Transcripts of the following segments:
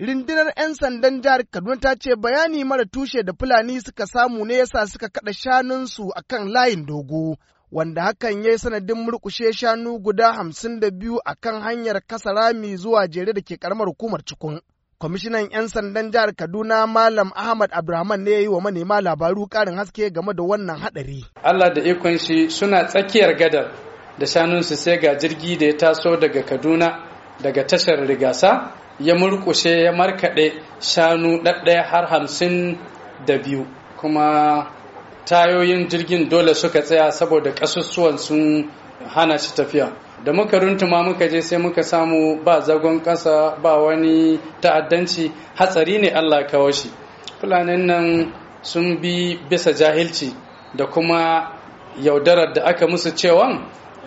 Rindinar 'yan sandan jihar Kaduna ta ce bayani mara tushe da Fulani suka samu ne yasa suka kaɗa shanunsu a kan layin dogo, wanda hakan ya yi sanadin murkushe shanu guda hamsin da biyu a kan hanyar kasa rami zuwa jere da ke karamar hukumar cikun. Kwamishinan 'yan sandan jihar Kaduna Malam Ahmad Abdulrahman ne ya yi wa manema labaru karin haske game da wannan haɗari. Allah da ikon shi suna tsakiyar gadar da shanunsu sai ga jirgi da ya taso daga Kaduna daga tashar rigasa ya murkushe ya markaɗe shanu ɗaɗɗaya har hamsin da biyu kuma tayoyin jirgin dole suka tsaya saboda ƙasusuwan sun hana shi tafiya da muka runtuma muka je sai muka samu ba zagon ƙasa ba wani ta'addanci hatsari ne allah kawo shi fulanin nan sun bi bisa jahilci da kuma yaudarar da aka musu cewan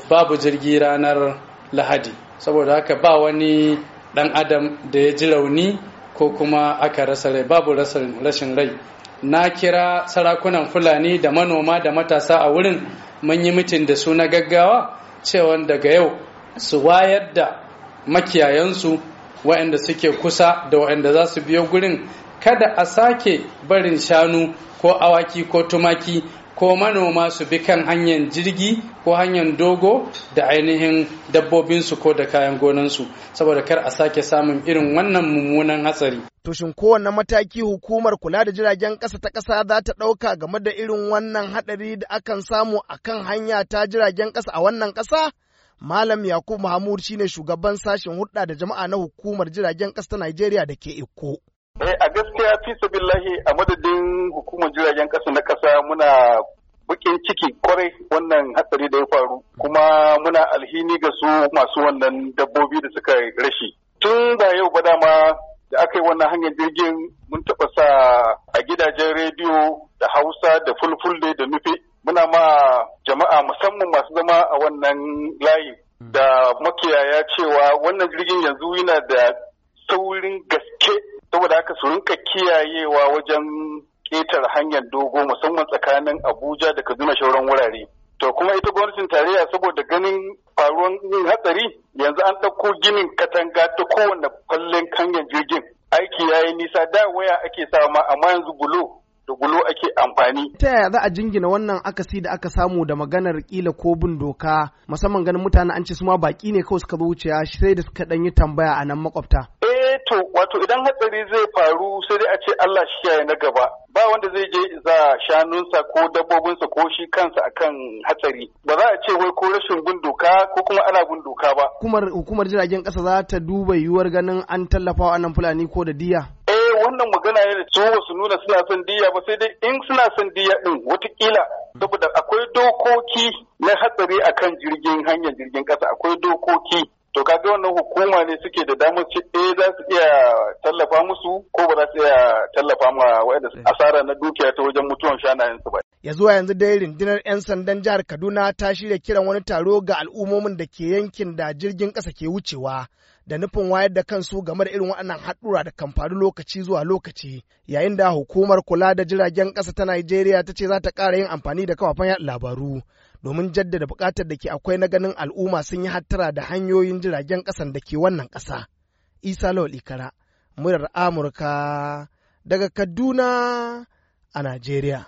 babu jirgi ranar lahadi saboda haka ba wani dan adam da ya ji rauni ko kuma aka rasa rai babu rashin rai na kira sarakunan fulani da manoma da matasa a wurin mun yi mitin da su na gaggawa cewa daga yau su wayar da makiyayansu waɗanda suke kusa da waɗanda za su biyo gurin kada a sake barin shanu ko awaki ko tumaki ko manoma su bi kan hanyar jirgi ko hanyar dogo da ainihin dabbobinsu ko da kayan gonansu saboda kar a sake samun irin wannan mummunan hatsari. To kowane mataki hukumar kula da jiragen ƙasa ta ƙasa za ta ɗauka game da irin wannan haɗari da akan samu a kan hanya ta jiragen ƙasa a wannan ƙasa? Malam Yakubu Mahmud ne shugaban sashen hulɗa da jama'a na hukumar jiragen ƙasa ta Najeriya da ke Ikko. Eh, a gaskiya fi billahi a madadin hukumar jiragen ƙasa na muna bukin ciki kwarai wannan hatsari da ya faru kuma muna alhini ga su masu wannan dabbobi da suka rashi tun da yau ba dama da aka yi wannan hanyar jirgin mun taɓa sa a gidajen rediyo da hausa da fulfulde da nufe muna ma jama'a musamman masu zama a wannan layi da makiyaya cewa wannan jirgin yanzu yana da saurin gaske saboda haka su rinka kiyayewa wajen ƙetare hanyar dogo musamman tsakanin Abuja da Kaduna shauran wurare. To kuma ita gwamnatin tarayya saboda ganin faruwan yin hatsari yanzu an ɗauko ginin katanga ta kowane kwallon hanyar jirgin. Aiki ya yi nisa da waya ake sawa ma amma yanzu gulo da gulo ake amfani. Ta yaya za a jingina wannan akasi da aka samu da maganar kila ko bin doka musamman ganin mutane an ce su ma baki ne kawai suka zo wucewa sai da suka ɗan yi tambaya a nan makwabta. Eh, to wato idan hatsari zai faru sai dai a ce Allah shi kiyaye na gaba. Ba wanda zai je za shanunsa ko dabbobinsa ko shi kansa akan hatsari. Ba za a ce wai ko rashin bin doka ko kuma ana bin doka ba. Hukumar hukumar jiragen kasa za ta duba yiwuwar ganin an tallafa wa nan Fulani ko da diya. Eh wannan magana ne da su wasu nuna suna son diya ba sai dai in suna son diya din watakila saboda akwai dokoki na hatsari akan jirgin hanyar jirgin kasa akwai dokoki to kaga wannan hukuma ne suke da damar ce eh za su iya tallafa musu ko ba za su iya tallafa ma waɗanda asara na dukiya ta wajen mutuwan shanayen su ba ya zuwa yanzu dai rundunar 'yan sandan jihar kaduna ta shirya kiran wani taro ga al'ummomin da ke yankin da jirgin ƙasa ke wucewa da nufin wayar da kansu game da irin waɗannan haɗura da kan faru lokaci zuwa lokaci yayin da hukumar kula da jiragen ƙasa ta najeriya ta ce za ta ƙara yin amfani da kafafen yaɗa labaru domin jaddada buƙatar da ke akwai na ganin al'umma sun yi hattara da hanyoyin jiragen ƙasan da ke wannan ƙasa. Isa Lawal Ikara, murar Amurka daga Kaduna a Najeriya.